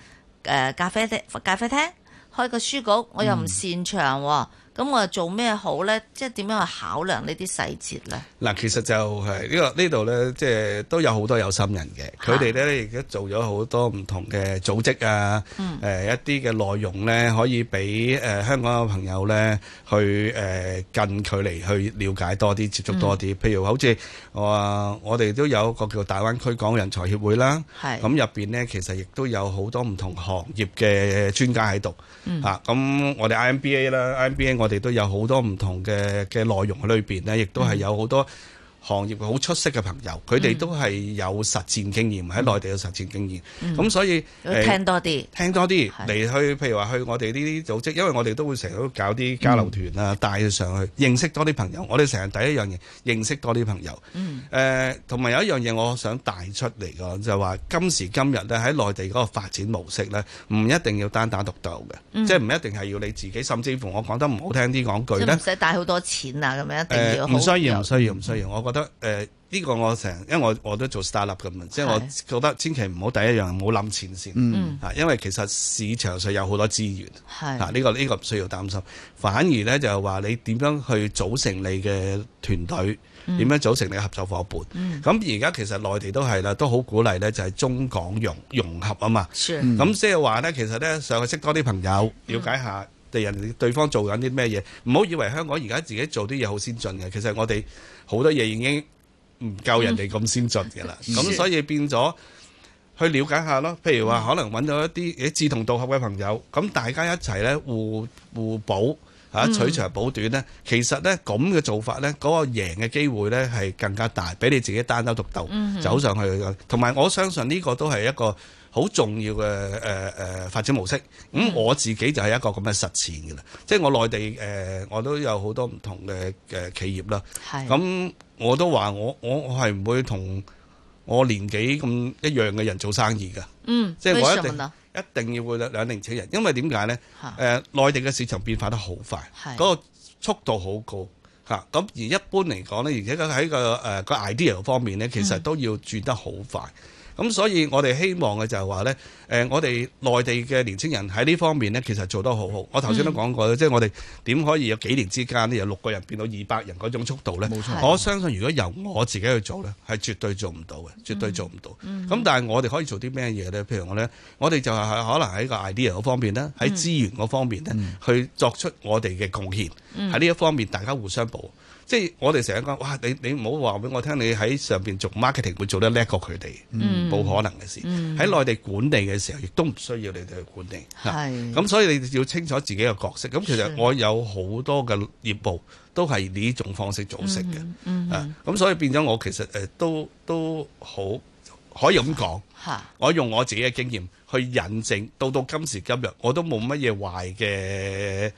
誒咖啡廳？咖啡廳？開個書局，我又唔擅長喎。嗯咁我做咩好呢？即係點樣去考量呢啲細節呢？嗱，其實就係呢個呢度呢，即係都有好多有心人嘅。佢哋呢，亦都做咗好多唔同嘅組織啊、嗯呃，一啲嘅內容呢，可以俾香港嘅朋友呢去近距離去了解多啲，接觸多啲、嗯。譬如好似我我哋都有一個叫大灣區港人才協會啦，咁入面呢，其實亦都有好多唔同行業嘅專家喺度嚇。咁、嗯啊、我哋 I M B A 啦，I M B A 我。我哋都有好多唔同嘅嘅內容喺裏邊咧，亦都係有好多。行業好出色嘅朋友，佢哋都係有實戰經驗喺內地有實戰經驗，咁、嗯、所以要聽多啲、呃，聽多啲嚟去，譬如話去我哋呢啲組織，因為我哋都會成日都搞啲交流團啊、嗯，帶佢上去認識多啲朋友。我哋成日第一樣嘢認識多啲朋友。誒、嗯，同、呃、埋有一樣嘢我想帶出嚟嘅就係話，今時今日咧喺內地嗰個發展模式咧，唔一定要單打獨鬥嘅、嗯，即係唔一定係要你自己，甚至乎我講得唔好聽啲講句唔使帶好多錢啊咁樣一定要，誒、呃，唔需要，唔需要，唔需，需要，我覺得。誒、呃，呢、這個我成，日，因為我我都做 start up 咁啊，即係、就是、我覺得千祈唔好第一樣，唔好諗錢先，吓、嗯，因為其實市場上有好多資源，吓，呢、啊這個呢、這個唔需要擔心，反而咧就係話你點樣去組成你嘅團隊，點、嗯、樣組成你嘅合作夥伴，咁而家其實內地都係啦，都好鼓勵咧，就係中港融融合啊嘛，咁即係話咧，其實咧上去識多啲朋友，嗯、了解下。對人哋對方做緊啲咩嘢？唔好以為香港而家自己做啲嘢好先進㗎，其實我哋好多嘢已經唔夠人哋咁先進㗎啦。咁所以變咗去了解下咯。譬如話，可能搵到一啲誒志同道合嘅朋友，咁大家一齊咧，互互補吓，取長補短咧。其實咧咁嘅做法咧，嗰個贏嘅機會咧係更加大，比你自己單刀獨鬥走上去嘅。同埋我相信呢個都係一個。好重要嘅誒、呃呃、發展模式，咁、嗯、我自己就係一個咁嘅實踐嘅啦。即係我內地、呃、我都有好多唔同嘅企業啦。係，咁我都話我我我係唔會同我年紀咁一樣嘅人做生意㗎。嗯，即係我一定一定要會兩兩年青人，因為點解咧？內地嘅市場變化得好快，嗰、那個速度好高嚇。咁、啊、而一般嚟講咧，而且佢喺個誒個 idea 方面咧，其實都要轉得好快。咁、嗯、所以我、呃，我哋希望嘅就係話咧，誒，我哋內地嘅年青人喺呢方面咧，其實做得好好。我頭先都講過，嗯、即係我哋點可以有幾年之間咧，有六個人變到二百人嗰種速度咧？冇錯。我相信如果由我自己去做咧，係絕對做唔到嘅，絕對做唔到。咁、嗯嗯、但係我哋可以做啲咩嘢咧？譬如我咧，我哋就係可能喺個 idea 嗰方面咧，喺資源嗰方面咧，去作出我哋嘅貢獻。喺、嗯、呢一方面，大家互相補。即係我哋成日講，哇，你你唔好話俾我聽，你喺上面做 marketing 會做得叻過佢哋。嗯冇可能嘅事，喺內地管理嘅時候，亦都唔需要你哋去管理。咁、啊、所以你要清楚自己嘅角色。咁其實我有好多嘅業務都係呢種方式組成嘅。嗯。咁、啊、所以變咗我其實都都好可以咁講。我用我自己嘅經驗去引證，到到今時今日我都冇乜嘢壞嘅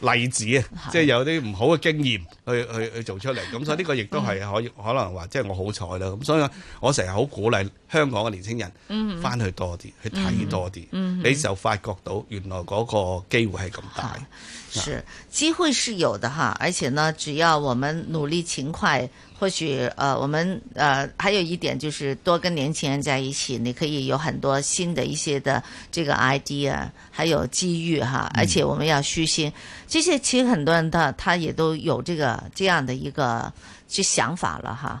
例子啊！即係、就是、有啲唔好嘅經驗去去去做出嚟。咁所以呢個亦都係可以、嗯、可能話，即、就、係、是、我好彩啦。咁所以我成日好鼓勵。香港嘅年輕人翻去多啲、嗯，去睇多啲、嗯，你就發覺到原來嗰個機會係咁大。是，是機會是有的哈，而且呢，只要我們努力勤快，或許，呃，我們呃，還有一點就是多跟年輕人在一起，你可以有很多新的一些的這個 idea，還有機遇哈。而且我們要虛心，嗯、這些其實很多人他他也都有這個這樣的一個去想法了哈。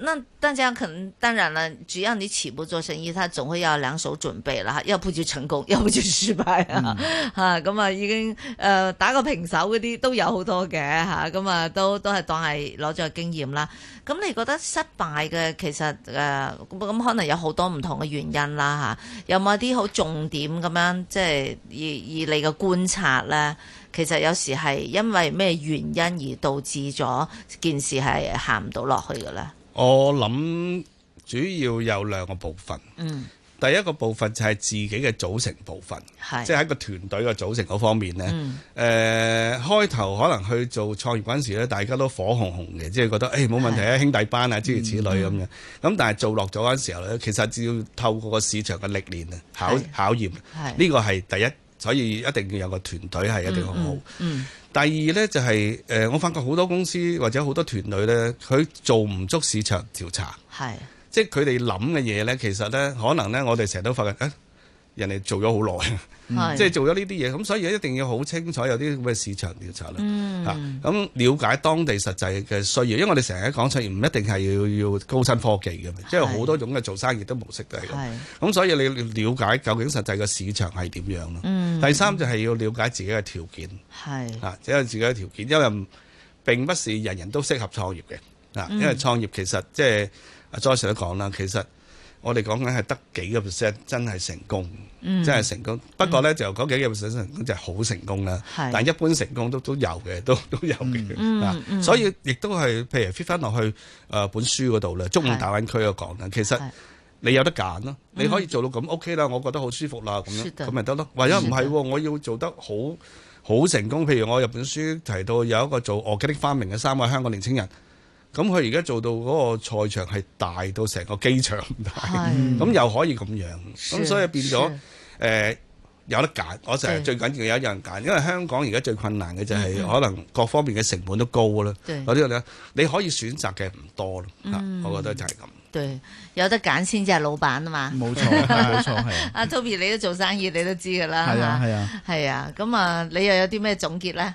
那大家可能當然啦，主要你起步做生意，他總會有兩手準備啦。哈，要不就成功，要不就失敗啊。啊、嗯，咁 啊、嗯，已經誒打個平手嗰啲都有好多嘅吓，咁、嗯、啊、嗯、都都係當係攞咗個經驗啦。咁你覺得失敗嘅其實誒咁、嗯嗯、可能有好多唔同嘅原因啦吓，有冇一啲好重點咁樣即係以以你嘅觀察咧，其實有時係因為咩原因而導致咗件事係行唔到落去嘅咧？我諗主要有兩個部分。嗯，第一個部分就係自己嘅組成部分，即係、就是、一個團隊嘅組成嗰方面呢，誒、嗯呃，開頭可能去做創業嗰陣時大家都火紅紅嘅，即係覺得誒冇、欸、問題啊，兄弟班啊諸如此類咁樣。咁、嗯、但係做落咗嗰陣時候呢，其實只要透過個市場嘅歷練啊，考考驗。呢、這個係第一，所以一定要有個團隊係一定好。嗯。嗯嗯。第二咧就係誒，我發覺好多公司或者好多團隊咧，佢做唔足市場調查，係即係佢哋諗嘅嘢咧，其實咧可能咧，我哋成日都發覺誒人哋做咗好耐，即係、就是、做咗呢啲嘢，咁所以一定要好清楚有啲咁嘅市場調查啦。嚇、嗯，咁、啊、了解當地實際嘅需要，因為我哋成日講創業唔一定係要要高新科技嘅，即係好多種嘅做生意都模式都係咁。咁、啊、所以你了解究竟實際嘅市場係點樣咯、嗯？第三就係要了解自己嘅條件，嚇，即、啊、有自己嘅條件，因為並不是人人都適合創業嘅。啊，因為創業其實即係阿 Joyce 都講啦，其實。我哋講緊係得幾個 percent 真係成功，嗯、真係成功。不過咧就嗰幾個 percent 成功、嗯、就係、是、好成功啦。但係一般成功都都有嘅，都都有嘅、嗯嗯。所以亦都係譬如 fit 返翻落去、呃、本書嗰度咧，中午大灣區嘅講咧，其實你有得揀咯。你可以做到咁、嗯、OK 啦，我覺得好舒服啦咁樣，咁咪得咯。唯咗唔係，我要做得好好成功。譬如我入本書提到有一個做 organic farming 嘅三個香港年輕人。咁佢而家做到嗰個賽場係大到成個機場咁大，咁又可以咁樣，咁所以變咗誒、呃、有得揀。我成日最緊要有一人揀，因為香港而家最困難嘅就係可能各方面嘅成本都高啦。嗰啲咧你可以選擇嘅唔多咯，嗯、我覺得就係咁。對，有得揀先至係老闆啊嘛。冇錯，冇錯係。阿 Toby，你都做生意，你都知噶啦。係啊，係啊，係啊。咁啊，你又有啲咩總結咧？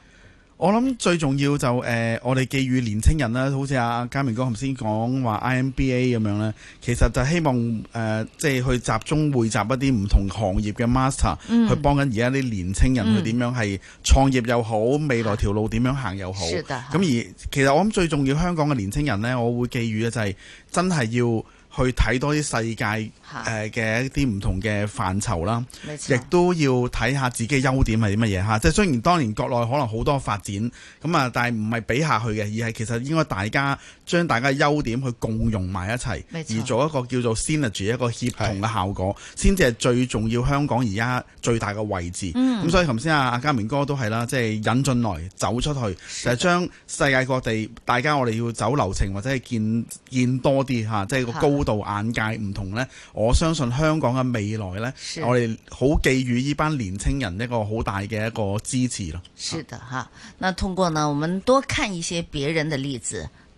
我諗最重要就誒、是呃，我哋寄予年青人啦，好似阿、啊、家明哥頭先講話 IMBA 咁樣咧，其實就希望誒，即、呃、係、就是、去集中匯集一啲唔同行業嘅 master，、嗯、去幫緊而家啲年青人、嗯、去點樣係創業又好，未來條路點樣行又好，咁、啊、而其實我諗最重要香港嘅年青人呢，我會寄予嘅就係、是、真係要去睇多啲世界。誒、啊、嘅一啲唔同嘅範疇啦，亦都要睇下自己嘅優點係啲乜嘢吓即係雖然當年國內可能好多發展咁啊，但係唔係比下去嘅，而係其實應該大家將大家優點去共融埋一齊，而做一個叫做 synergy 一個協同嘅效果，先至係最重要。香港而家最大嘅位置，咁、嗯、所以頭先啊阿家明哥都係啦，即、就、係、是、引進來走出去，就係、是、將世界各地大家我哋要走流程或者係見見多啲吓即係個高度眼界唔同咧。我相信香港嘅未來呢，我哋好寄予呢班年輕人一個好大嘅一個支持咯。是的，哈！那通過呢，我們多看一些別人的例子。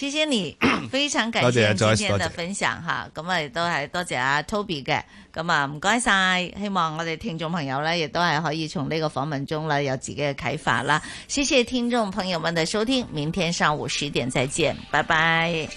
謝謝你， 非常感謝今天的分享嚇，咁啊亦都係多謝阿、啊啊啊、Toby 嘅，咁啊唔該晒，希望我哋聽眾朋友咧，亦都係可以從呢個訪問中咧有自己嘅啟發啦。謝謝聽眾朋友們的收聽，明天上午十點再見，拜拜。